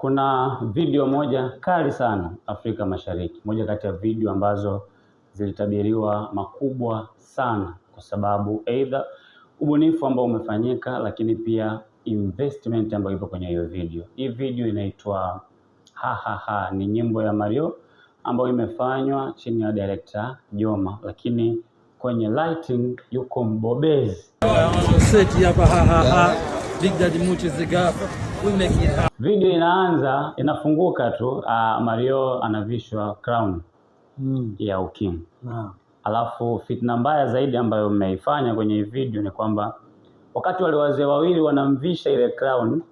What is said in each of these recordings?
Kuna video moja kali sana Afrika Mashariki, moja kati ya video ambazo zilitabiriwa makubwa sana, kwa sababu aidha ubunifu ambao umefanyika, lakini pia investment ambayo ipo kwenye hiyo video. Hii video inaitwa ha ha ha, ni nyimbo ya Mario ambayo imefanywa chini ya director Joma, lakini kwenye lighting yuko mbobezi. Video inaanza inafunguka tu, uh, Mario anavishwa crown mm. ya ukimu wow. Alafu fitna mbaya zaidi ambayo mmeifanya kwenye hii video ni kwamba wakati wale wazee wawili wanamvisha ile crown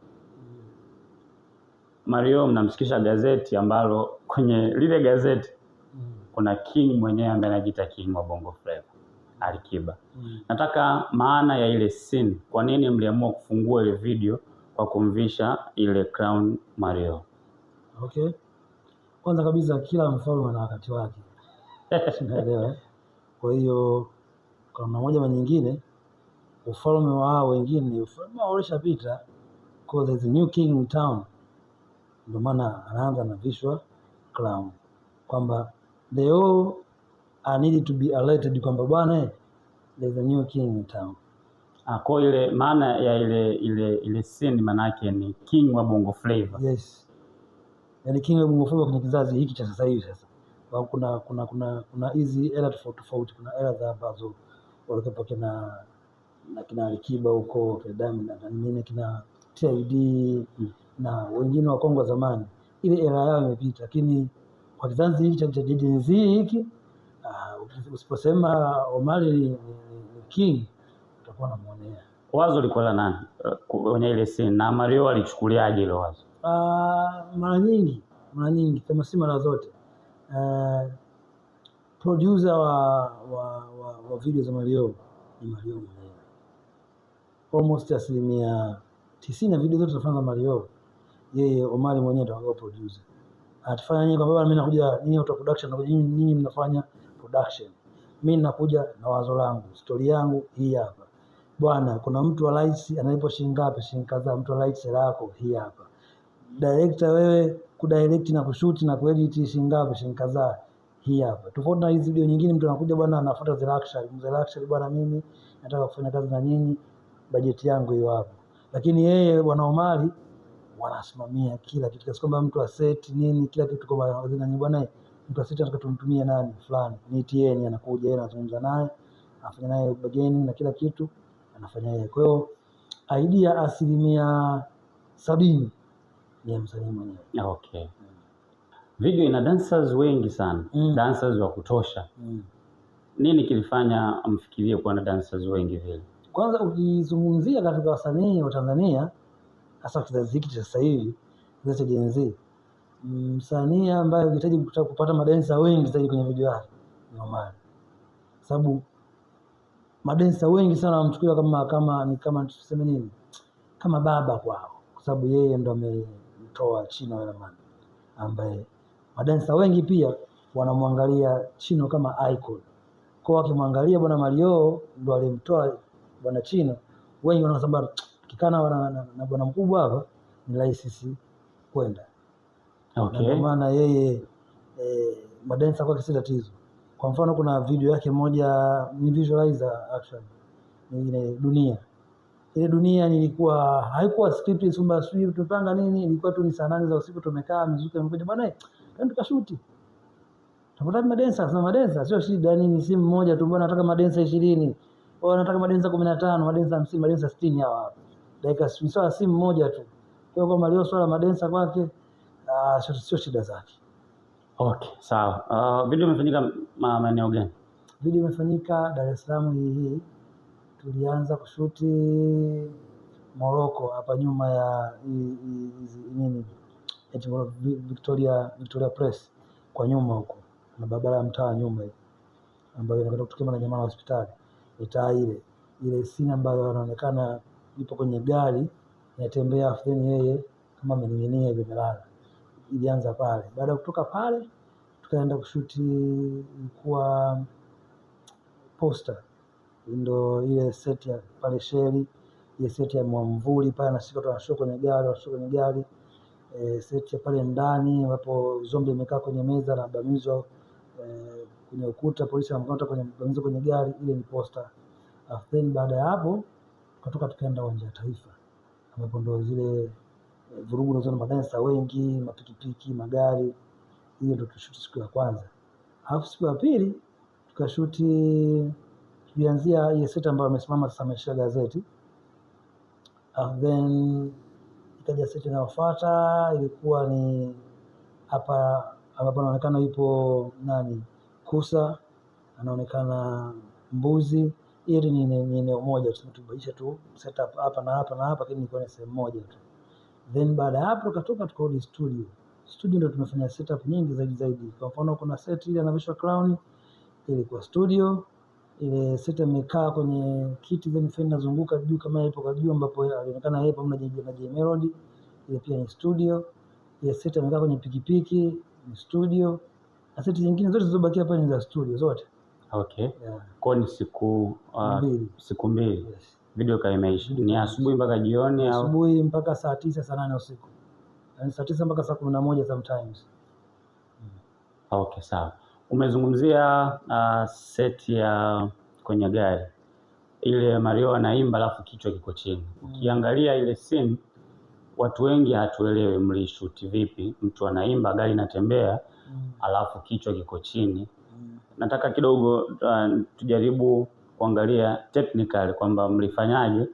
Mario, mnamsikisha gazeti ambalo kwenye lile gazeti kuna king mwenyewe ambaye anajiita king wa Bongo Flava Alikiba. Hmm. Nataka maana ya ile scene, kwa nini mliamua kufungua ile video wa kumvisha ile crown Mario. Okay. Kwanza kabisa kila mfalme ana wakati wake. Unaelewa? Kwa hiyo kwa namna moja au nyingine ufalme wao wengine ufalme wao ulishapita because there's a new king in town. Ndio maana anaanza na vishwa crown kwamba they all are needed to be alerted kwamba bwana eh, there's a new king in town. Ah, kwa ile maana ya ile ile ile scene maana yake ni king wa bongo flavor. Yes. Yaani king wa bongo flavor kwenye kizazi hiki cha sasa hivi sasa. Kwa kuna kuna kuna kuna hizi era tofauti tofauti, kuna era za ambazo walikuwa kina na kina Alikiba huko, kina Diamond na nini, kina TID na wengine wa Kongo zamani. Ile era yao imepita, lakini kwa kizazi hiki cha Gen Z hiki ah, usiposema Omari ni king alikuwa anamwonea. Wazo liko la nani kwenye ile scene na Mario alichukuliaje ile wazo? Uh, mara nyingi mara nyingi kama si mara zote uh, producer wa, wa, wa, wa video za Mario ni Mario mwenyewe almost asilimia tisini na video zote tunafanya za Mario, yeye Omari mwenyewe ndio anakuwa producer. Atafanya nyinyi kwamba mimi nakuja nyinyi auto production, na nyinyi mnafanya production, mimi nakuja na wazo langu, story yangu hii hapa bwana, kuna mtu wa rais analipo shilingi ngapi? Shilingi kadhaa. Mtu wa rais hela hii hapa. Director wewe kudirect na kushoot na kuedit shilingi ngapi? Shilingi kadhaa hii hapa. Tofauti na hizi video nyingine, mtu anakuja bwana, anafuata the luxury. The luxury bwana, mimi nataka kufanya kazi na nyinyi, bajeti yangu hiyo hapa. Lakini yeye bwana Omari wanasimamia kila kitu kiasi kwamba mtu aseti nini kila kitu kwa wazina bwana, mtu aseti anataka tumtumie nani fulani, ni TN anakuja yeye, anazungumza naye, afanya naye bargaining na kila kitu anafanya yeye. Kwa hiyo aidi ya asilimia sabini ni ya msanii mwenyewe. Okay. Mm. Video ina dancers wengi sana mm. dancers wa kutosha mm. Nini kilifanya mfikirie kuwa na dancers wengi vile? Kwanza ukizungumzia katika wasanii wa Tanzania, hasa kizazi hiki cha sasa hivi, kizazi cha Gen Z, msanii ambaye ukihitaji kupata madansa wengi zaidi kwenye video yake ni Omari, sababu madensa wengi sana wanamchukulia kama kama ni kama tuseme nini kama baba kwao, kwa sababu yeye ndo amemtoa Chino Welaman, ambaye madensa wengi pia wanamwangalia Chino kama icon. Kwa wakimwangalia bwana Mario ndo alimtoa bwana Chino, wengi wanasema kikana wana, na, na bwana mkubwa hapa ni rahisi si kwenda okay. maana yeye eh, madensa kwake si tatizo kwa mfano kuna video yake moja ni visualizer actually, nyingine dunia ile dunia nilikuwa haikuwa script sumba sijui tumepanga nini, ilikuwa tu ni saa nane za usiku tumekaa, mzuka amekuja, bwana eh, twende tukashuti, tutakuta madensa na madensa, sio shida nini, simu moja tu, bwana nataka madensa 20 au nataka madensa 15 madensa 50 madensa 60 hawa hapa, dakika sio simu moja tu. Kwa hiyo kama leo swala madensa kwake ah, sio shida zake. Okay, sawa. Uh, video imefanyika maeneo gani? Video imefanyika Dar es Salaam hii hii. Tulianza kushuti Morocco hapa nyuma ya hizi nini Victoria, Victoria Press kwa nyuma huko na barabara ya mtaa nyuma hiyo ambayo inakwenda kutokea na jamaa wa hospitali mitaa ile ile sini ambayo anaonekana ipo kwenye gari inatembea, then yeye kama amening'inia hivi melala ilianza pale. Baada ya kutoka pale, tukaenda kushuti kwa posta, ndo ile set ya pale sheli, ile set ya mwamvuli pale, na sisi tunashuka kwenye gari, tunashuka kwenye gari e, set ya pale ndani ambapo zombi imekaa kwenye meza na bamizwa e, kwenye ukuta, polisi anamkamata kwenye bamizwa kwenye gari, ile ni posta. Then baada ya hapo tukatoka tukaenda uwanja wa Taifa ambapo ndo zile vurugu nazo na wengi, mapikipiki, magari. Hiyo ndio tulishuti siku ya kwanza, alafu siku ya pili tukashuti, tulianzia ile set ambayo amesimama sasa ameshika gazeti, and then ikaja set inayofuata ilikuwa ni hapa ambapo anaonekana yupo nani Kusa, anaonekana Mbuzi. ili ni eneo moja, tumebadilisha tu setup hapa na hapa na hapa, lakini ni kwenye sehemu moja tu. Then baada ya hapo tukatoka tukarudi studio. Studio ndio tumefanya setup nyingi zaidi zaidi. Kwa mfano kuna set ile anavishwa crown ile kwa studio, ile set imekaa kwenye kiti then feni nazunguka juu kama ipo kwa juu ambapo inaonekana yeye pamoja na J Melody, ile pia ni studio. Ile set amekaa kwenye pikipiki ni studio. Na set zingine zote zilizobakia hapa ni za studio zote. Okay. Yeah. Kwa ni siku uh, mbili. Siku mbili. Yes. Video kama imeisha ni asubuhi mpaka jioni au asubuhi mpaka saa tisa saa nane usiku, yaani saa tisa mpaka saa kumi na moja sometimes. Okay, sawa. Umezungumzia uh, seti ya kwenye gari ile Mario anaimba alafu kichwa kiko chini mm. Ukiangalia ile scene watu wengi hatuelewi mlishuti vipi, mtu anaimba gari inatembea mm. alafu kichwa kiko chini mm. Nataka kidogo uh, tujaribu kuangalia technical kwamba mlifanyaje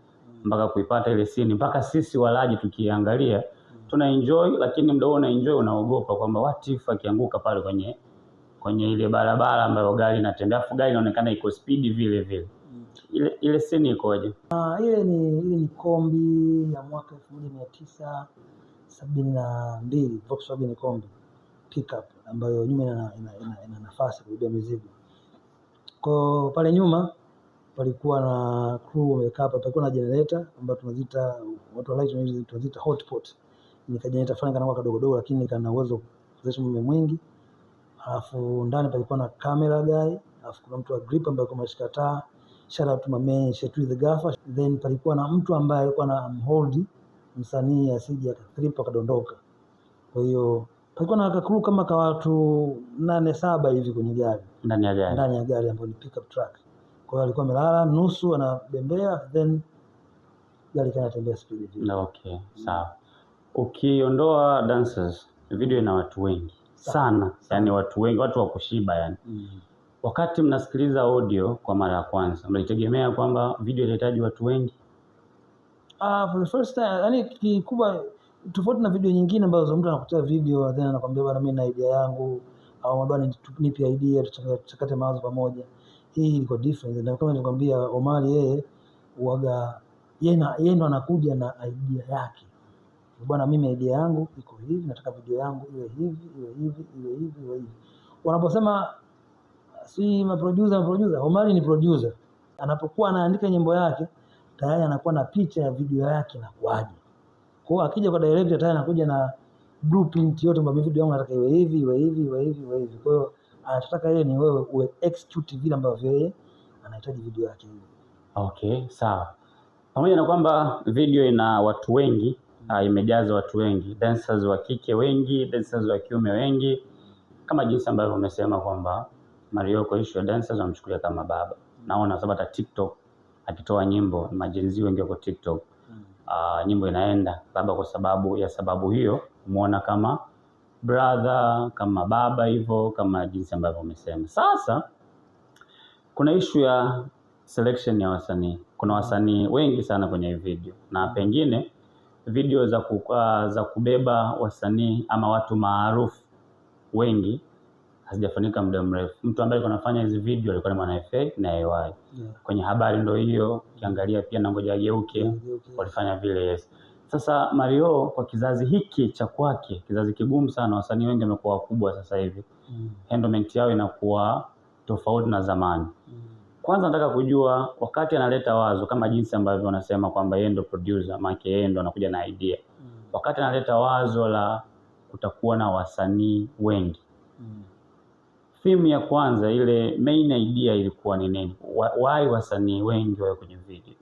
mpaka kuipata ile scene, mpaka sisi walaji tukiangalia mm. tuna enjoy, lakini mda huo enjoy, unaogopa kwamba what if akianguka pale kwenye kwenye ile barabara ambayo gari inatembea, afu gari inaonekana iko speed vile vile. Mm. Ile ile scene ikoje? Ah, ile ni ile ni kombi ya mwaka 1972 Volkswagen kombi pickup ambayo nyuma ina, ina, ina, ina nafasi kubeba mizigo. Kwa pale nyuma palikuwa na crew wamekaa hapa, palikuwa na generator ambayo tunaziita watu wa light tunaziita hotpot. Ni generator fulani kana kadogo dogo, lakini kana uwezo kuzalisha umeme mwingi. Alafu ndani palikuwa na camera guy, alafu kuna mtu wa grip ambaye alikuwa ameshika taa. Shout out to my man Shetty the Gaffer. Then palikuwa na mtu ambaye alikuwa na mhold msanii asije akatripa akadondoka. Kwa hiyo palikuwa na crew kama kwa watu nane saba hivi kwenye gari, ndani ya gari, ndani ya gari ambayo ni pickup truck kwa hiyo alikuwa amelala nusu anabembea then gari kanatembea spidi vile. Okay, sawa. Ukiondoa dancers, video ina watu wengi sana, yani watu wengi, watu wa kushiba yani. Mm. Wakati mnasikiliza audio kwa mara ya kwanza, mnaitegemea kwamba video inahitaji watu wengi? Ah, for the first time, yani kikubwa tofauti na video nyingine ambazo mtu anakutia video then anakwambia bwana, mimi na idea yangu au bwana, nipe idea tuchakate mawazo pamoja hii iko different. Na kama nikwambia Omari, yeye uaga yeye ndo anakuja na idea yake, bwana, mimi idea yangu iko hivi, nataka video yangu iwe hivi iwe hivi iwe hivi iwe hivi. Wanaposema si maproducer maproducer, Omari ni producer. Anapokuwa anaandika nyimbo yake tayari anakuwa na picha ya video yake inakuaje. Kwa hiyo akija kwa director tayari anakuja na blueprint yote, mbona video yangu nataka iwe hivi iwe hivi iwe hivi iwe hivi. Kwa hiyo anachotaka yeye ni wewe uwe execute vile ambavyo yeye anahitaji video yake hiyo. Okay, sawa. Pamoja na kwamba video ina watu wengi mm. uh, imejaza watu wengi, dancers wa kike wengi, dancers wa kiume wengi, kama jinsi ambavyo umesema kwamba Mario kwa issue dancers wamchukulia kama baba. mm. Naona sababu hata TikTok akitoa nyimbo majenzi wengi wako TikTok. mm. Uh, nyimbo inaenda labda kwa sababu ya sababu hiyo umeona kama brother, kama baba hivyo, kama jinsi ambavyo umesema. Sasa kuna ishu ya selection ya wasanii. Kuna wasanii wengi sana kwenye hii video na pengine video za, kuka, uh, za kubeba wasanii ama watu maarufu wengi hazijafanyika muda mrefu. Mtu ambaye alikuwa anafanya hizi video alikuwa ni Mwana FA na AY. Yeah. Kwenye habari ndio hiyo, ukiangalia pia na ngoja ageuke, yeah, okay. Walifanya vile yes. Sasa Mario kwa kizazi hiki cha kwake, kizazi kigumu sana, wasanii wengi wamekuwa wakubwa sasa hivi mm. handlement yao inakuwa tofauti na zamani mm. Kwanza nataka kujua wakati analeta wazo kama jinsi ambavyo wanasema kwamba yeye ndo producer, make yeye ndo anakuja na idea mm. wakati analeta wazo la kutakuwa na wasanii wengi mm. Theme ya kwanza ile main idea ilikuwa ni nini? Why wasanii wengi wawe kwenye video?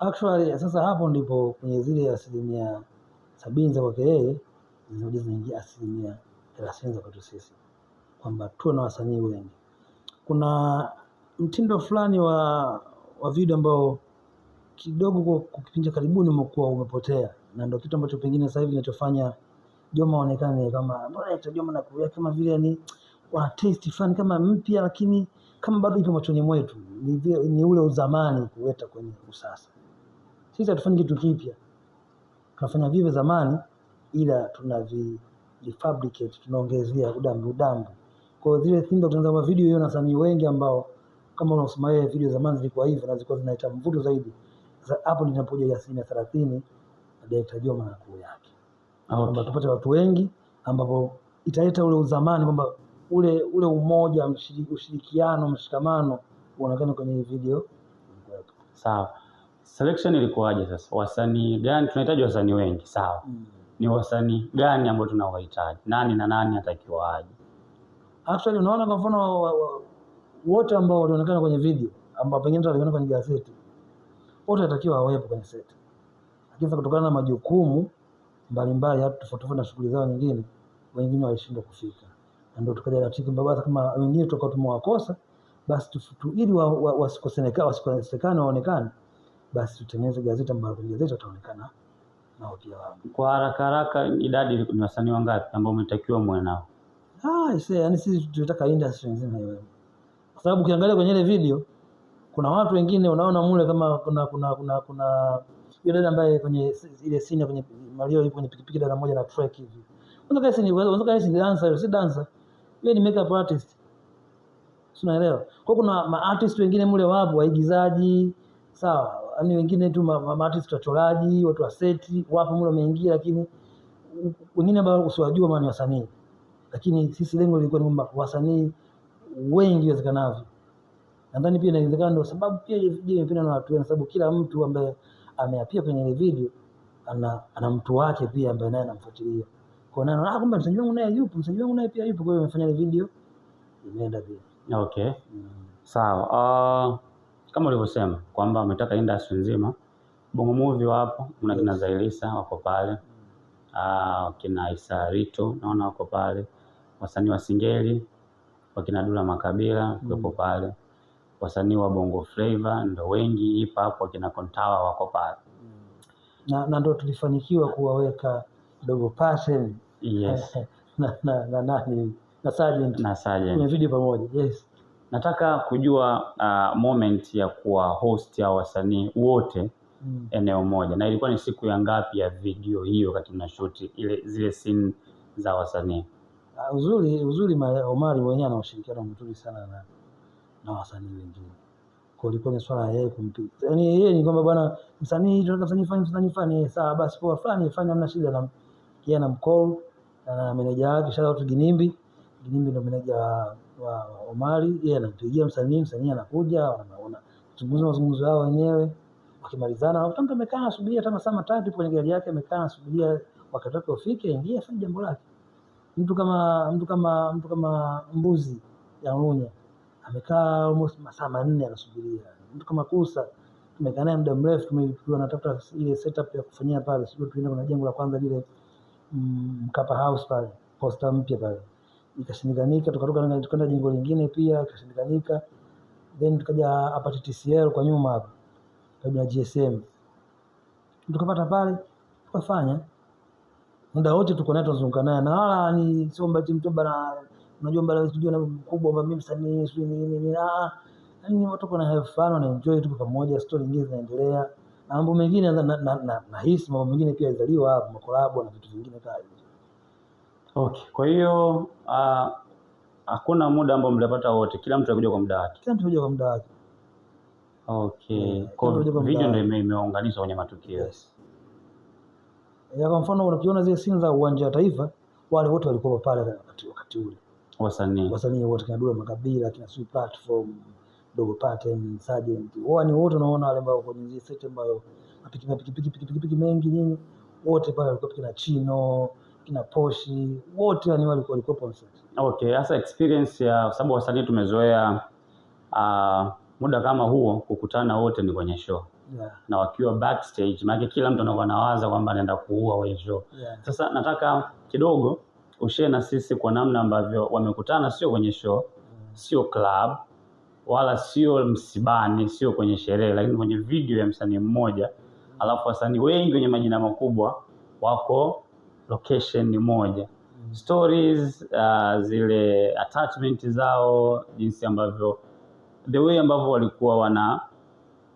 actually sasa hapo ndipo kwenye zile asilimia sabini za kwake yeye zinakuja zinaingia asilimia thelathini za kwetu sisi, kwamba tuwe na wasanii wengi. Kuna mtindo fulani wa, wa video ambao kidogo kwa kipindi cha karibuni umekuwa umepotea, na ndio kitu ambacho pengine sasa hivi kinachofanya Joma aonekane kama bora Joma na kuya kama vile yani wana taste fulani kama mpya, lakini kama bado ipo machoni mwetu, ni, ni ule uzamani kuweta kwenye usasa. Sisi hatufanyi kitu kipya, tunafanya vivyo zamani, ila tunavi fabricate tunaongezea udambi udambi. Kwa hiyo zile thimba tunazama video hiyo na wasanii wengi ambao kama unasoma yeye video zamani zilikuwa hivyo na zilikuwa zinaita mvuto zaidi. Sasa hapo ninapoja inapoja ile asilimia thelathini na director Joma na kuu yake ah, kwamba tupate watu wengi ambapo italeta ule uzamani kwamba ule ule umoja, ushirikiano, mshikamano uonekane kwenye video. Sawa selection ilikuwaje? Sasa wasanii gani tunahitaji? Wasanii wengi sawa, mm. ni wasanii gani ambao tunawahitaji? Nani na nani atakiwa aje? Actually unaona, kwa mfano wote ambao walionekana kwenye video ambao pengine mtu walionekana kwenye gazeti, wote atakiwa awepo kwenye set, lakini sasa kutokana na majukumu mbalimbali, hata tofauti tofauti na shughuli zao nyingine, wengine walishindwa kufika, na ndio tukaja na tiki mbaba, kama wengine tukao tumewakosa basi tufutu, ili wasikosekane waonekane basi tutengeneze gazeti ambalo gazeti wataonekana na wateja wangu. Kwa haraka haraka, idadi ni wasanii wangapi ambao umetakiwa muwe nao? Ah, ise, yani sisi tunataka industry nzima iwe. Kwa sababu ukiangalia kwenye ile video kuna watu wengine unaona mule kama kuna kuna kuna kuna yule dada ambaye kwenye ile scene kwenye Mario yupo kwenye pikipiki dada moja na track hivi. Unataka yeye ni unataka yeye ni dancer, si dancer. Yeye ni makeup artist. Sinaelewa. Kwa kuna ma artist wengine mule wapo waigizaji, sawa yani wengine tu maartist wachoraji, watu wa seti wapo mle wameingia, lakini wengine bado usiwajua maana wasanii, lakini sisi lengo lilikuwa ni kwamba wasanii wengi iwezekanavyo. Nadhani pia inawezekana ndio sababu pia imependa na watu wengi, sababu kila mtu ambaye ameapia kwenye ile video ana, ana mtu wake pia ambaye naye anamfuatilia kwa nani, ah, kumbe msanii wangu naye yupo, msanii wangu naye pia yupo, kwa hiyo amefanya ile video imeenda pia. Okay, mm. Sawa. Uh, kama ulivyosema kwamba umetaka industry nzima Bongo Movie wapo, kuna kina Zailisa wako pale, wakina mm. ah, Isa naona wako pale, wasanii wa Singeli wakina Dula Makabila wako mm. pale, wasanii wa Bongo flavor ndo wengi, hip hapo wakina Kontawa wako pale mm. na, na ndo tulifanikiwa kuwaweka Dogo Passion yes. na, na, na, na, na Sergeant na Sergeant. Video pamoja yes. Nataka kujua uh, moment ya kuwa host ya wasanii wote mm. eneo moja, na ilikuwa ni siku ya ngapi ya video hiyo wakati mnashuti ile zile scene za wasanii? Uh, uzuri uzuri Omari mwenyewe ana ushirikiano mzuri sana na, na wasanii wengine kwa ilikuwa ni swala yeye kumpiga, yani yeye ni kwamba bwana msanii tunataka msanii fani msanii fani, eh, sawa basi poa fulani fanya, hamna shida. Na yeye anamcall na meneja wake shout out Ginimbi, Ginimbi ndo meneja wa wa Omari, yeye anampigia msanii, msanii anakuja, wanaona wanazungumza mazungumzo yao wenyewe, wakimalizana, mtu amekaa anasubiria hata masaa matatu kwenye gari yake, amekaa anasubiria wakati wake ufike, ingia fanya jambo lake. Mtu kama mtu kama mtu kama mbuzi ya Unya amekaa almost masaa manne anasubiria. Mtu kama Kusa tumekaa naye muda mrefu, tumekuwa natafuta ile setup ya kufanyia pale, sio tuende kwenye jengo la kwanza lile mm, Mkapa House pale, posta mpya pale ikashindikanika, tukaruka tukaenda jengo lingine pia ikashindikanika, then tukaja hapa TTCL kwa nyuma hapa kabla GSM, tukapata pale tukafanya muda wote tuko naye tunazunguka naye na wala ni sio mbati mtoba na unajua mbali studio na mkubwa mbali mimi msanii sio ni nini, ah, ah. yani watu kuna have fun na enjoy tu pamoja, story nyingine zinaendelea na mambo mengine, na na, na, na hisi mambo mengine pia yalizaliwa hapo, makolabo na vitu vingine kama hivyo. Okay, kwa hiyo ah, hakuna muda ambao mlipata wote, kila mtu anakuja kwa muda wake. Kila mtu anakuja kwa muda wake. Okay. Kwa video ndio imeunganishwa kwenye matukio. Yes. Ya kwa mfano unakiona zile scenes za uwanja wa Taifa, wale wote walikuwa pale wakati wakati ule. Wasanii. Wasanii wote kina Dula Makabila, kina Sweet Platform, Dogo Pattern, Sergeant. Wao ni wote unaona wale ambao kwenye zile set ambayo mapikipiki pikipiki pikipiki mengi nini, wote pale walikuwa kina Chino, kina Poshi wote yani walikuwa walikuwepo Okay, hasa experience ya sababu wasanii tumezoea uh, muda kama huo kukutana wote ni kwenye show. Yeah. Na wakiwa backstage maana kila mtu anakuwa anawaza kwamba anaenda kuua wewe show. Yeah. Sasa nataka kidogo ushare na sisi kwa namna ambavyo wamekutana sio kwenye show, mm. sio club wala sio msibani, sio kwenye sherehe, lakini kwenye video ya msanii mmoja, mm. alafu wasanii wengi wenye majina makubwa wako location ni moja mm-hmm. Stories uh, zile attachment zao, jinsi ambavyo the way ambavyo walikuwa wana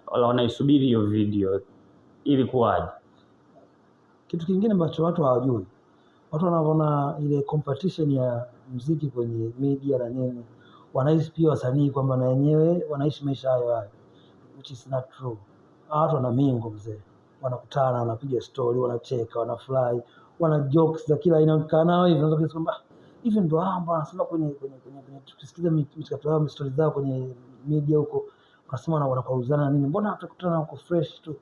wanaisubiri hiyo video ilikuwaje. Kitu kingine ambacho watu hawajui, watu wanavyoona ile competition ya mziki kwenye media na nini, wanahisi pia wasanii kwamba na wenyewe wanaishi maisha hayo hayo, which is not true. Watu wana mingo mzee, wanakutana, wanapiga story wanacheka, wanafurahi wana jokes za kila aina, ukikaa nao hivi unaweza kusema kwamba hivi ndio hao ambao wanasema kwenye kwenye kwenye kwenye tukisikiza michakato yao stories zao kwenye media huko, wanasema na wanaparuzana nini, mbona tutakutana huko fresh tu.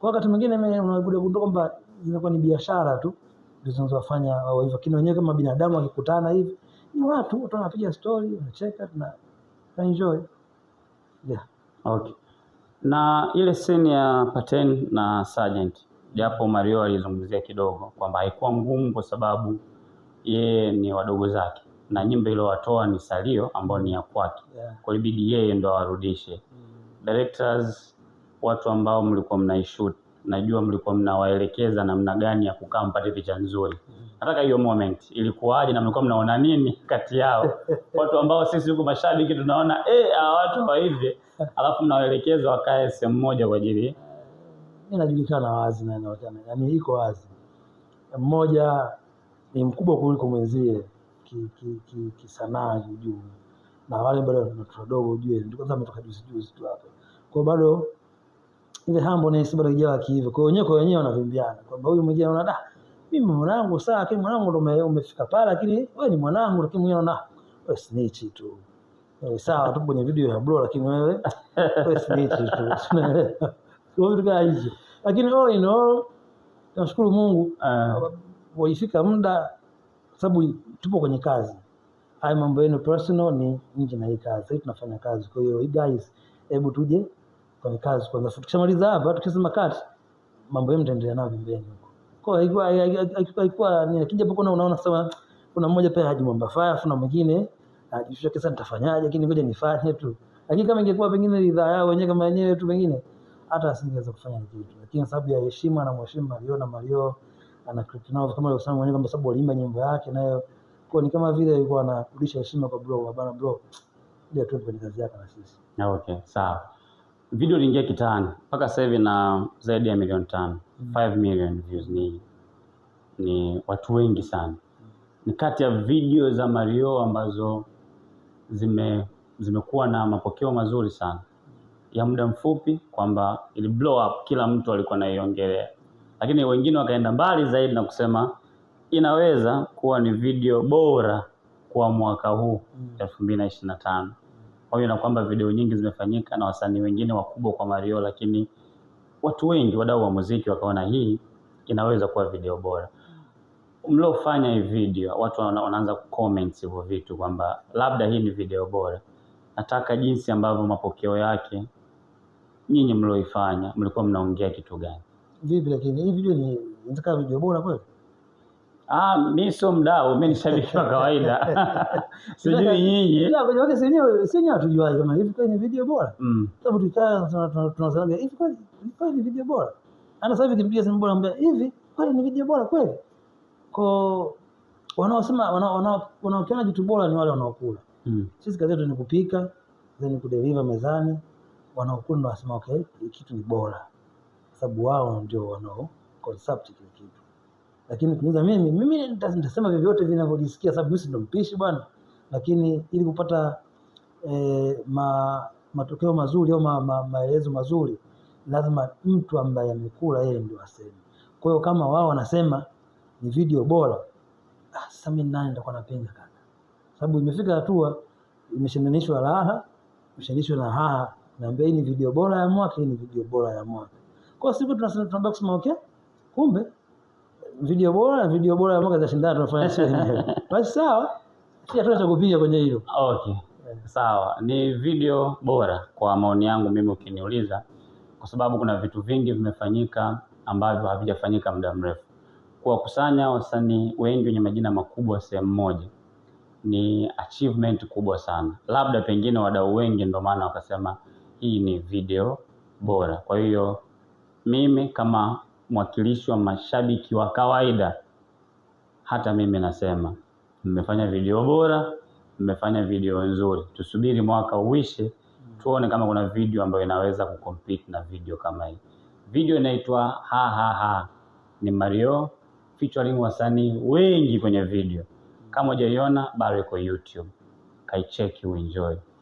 Kwa wakati mwingine mimi unakuja gundua kwamba zinakuwa ni biashara tu ndio zinazowafanya wao hivyo, lakini wenyewe kama binadamu wakikutana hivi ni watu, watu wanapiga story, wanacheka, na enjoy yeah. Okay, na ile scene ya Paten na Sergeant japo Mario alizungumzia kidogo kwamba haikuwa ngumu kwa sababu yeye ni wadogo zake na nyimbo iliyowatoa ni salio ambayo ni ya kwake, yeah. Kwa yeye ndo awarudishe. Mm. Directors, watu ambao mlikuwa mnaishoot, najua mlikuwa mnawaelekeza namna gani ya kukaa mpate picha nzuri. Mm. Nataka hiyo moment ilikuwaje na mlikuwa mnaona nini kati yao? watu ambao sisi huku mashabiki tunaona eh, watu wa hivi, alafu mnawaelekeza wakae sehemu moja kwa ajili inajulikana wazi na inaonekana, yani iko wazi, mmoja ni mkubwa kuliko mwenzie kisanaa ki, ki, ki juu na wale bado watoto wadogo ujue, ndio kwanza ametoka juzi juzi tu hapo, kwa bado ile humbleness bado haijawa kihivyo. Kwa wenyewe kwa wenyewe wanavimbiana kwamba huyu mwingine anaona da, mimi mwanangu saa, lakini mwanangu ndo umefika pale, lakini wewe ni mwanangu, lakini mwingine anaona ah, wewe snitch tu Wewe sawa tu kwenye video ya bro, lakini wewe wewe snitch tu, unaelewa? Kwa vitu kama hizo lakini all oh, in all nashukuru Mungu ah. uh, walifika muda, sababu tupo kwenye kazi. Haya mambo yenu personal ni nje na hii kazi, sasa tunafanya kazi. Kwa hiyo guys, hebu tuje kwenye kazi kwanza. Tukishamaliza hapa, tukisema kati, mambo yenu mtaendelea nayo pembeni huko. Kwa hiyo haikuwa haikuwa ni akija hapo, unaona sema kuna mmoja pia hajimwamba faya, kuna mwingine ajishusha ah, kisa, nitafanyaje? Lakini ngoja nifanye tu, lakini kama ingekuwa pengine ridhaa yao wenyewe kama wenyewe tu pengine hata asingeweza kufanya kitu, lakini sababu ya heshima na mheshimu Mario na Mario ana nao kama alivyosema mwenyewe, kwa sababu aliimba nyimbo yake nayo, kwa ni kama vile alikuwa anarudisha heshima kwa bro bana, bro ile tu kwenye kazi yake na sisi. Okay, sawa. Video iliingia kitani mpaka sasa hivi na zaidi ya milioni tano, 5 mm. million views. Ni ni watu wengi sana, ni kati ya video za Mario ambazo zime zimekuwa na mapokeo mazuri sana ya muda mfupi kwamba ili blow up, kila mtu alikuwa anaiongelea, lakini wengine wakaenda mbali zaidi na kusema inaweza kuwa ni video bora kwa mwaka huu mm. elfu mbili na ishirini na tano pamoja na kwamba video nyingi zimefanyika na wasanii wengine wakubwa kwa Mario, lakini watu wengi, wadau wa muziki, wakaona hii inaweza kuwa video bora. Mliofanya hii video, watu wanaanza kucomment hivyo vitu kwamba labda hii ni video bora. Nataka jinsi ambavyo mapokeo yake nyinyi mlioifanya mlikuwa mnaongea kitu gani? Vipi lakini hii video ni nataka video bora kweli? Ah, mimi sio mdau, mimi ni shabiki wa kawaida. Sijui nyinyi. Ila kwa sio nyinyi, sio nyinyi hatujuaje kama mm. hivi kweli ni video bora? Mm. Sababu tukaa tunazania hivi kweli kweli ni video bora. Ana sasa hivi kimpiga simu bora mbaya hivi kweli ni video bora kweli? Kwa wanaosema wanaokiona kitu bora ni wale wanaokula. Mm. Sisi kazi yetu ni kupika, then kudeliver mezani wanaokuwa wanasema okay, hii kitu ni bora, sababu wao ndio wanao concept kile kitu. Lakini kuniza mimi, mimi nitasema vyovyote vinavyojisikia, sababu mimi ndio mpishi bwana, lakini ili kupata e, ma, matokeo mazuri au ma, ma, maelezo mazuri lazima mtu ambaye amekula yeye ndio aseme. Kwa hiyo kama wao wanasema ni video bora, ah, sasa mimi nani nitakuwa napinga kaka? Sababu imefika hatua imeshindanishwa raha, imeshindanishwa na haha Naambia hii ni video bora ya mwaka, hii ni video bora ya mwaka. Kwa sababu tunasema tunaomba kusema okay, kumbe video bora na video bora ya mwaka za shindano tunafanya sisi wenyewe. Basi sawa. sisi hatuna cha kupiga kwenye hilo. Okay. Sawa, ni video bora kwa maoni yangu mimi ukiniuliza, kwa sababu kuna vitu vingi vimefanyika ambavyo havijafanyika muda mrefu. Kuwakusanya wasanii wengi wenye majina makubwa sehemu moja ni achievement kubwa sana, labda pengine wadau wengi, ndio maana wakasema hii ni video bora. Kwa hiyo mimi kama mwakilishi wa mashabiki wa kawaida, hata mimi nasema mmefanya video bora, mmefanya video nzuri. Tusubiri mwaka uishe, tuone kama kuna video ambayo inaweza kucompete na video kama hii. Video inaitwa ha ha ha, ni Mario featuring wasanii wengi kwenye video. Kama hujaiona bado iko YouTube, kaicheki uenjoy.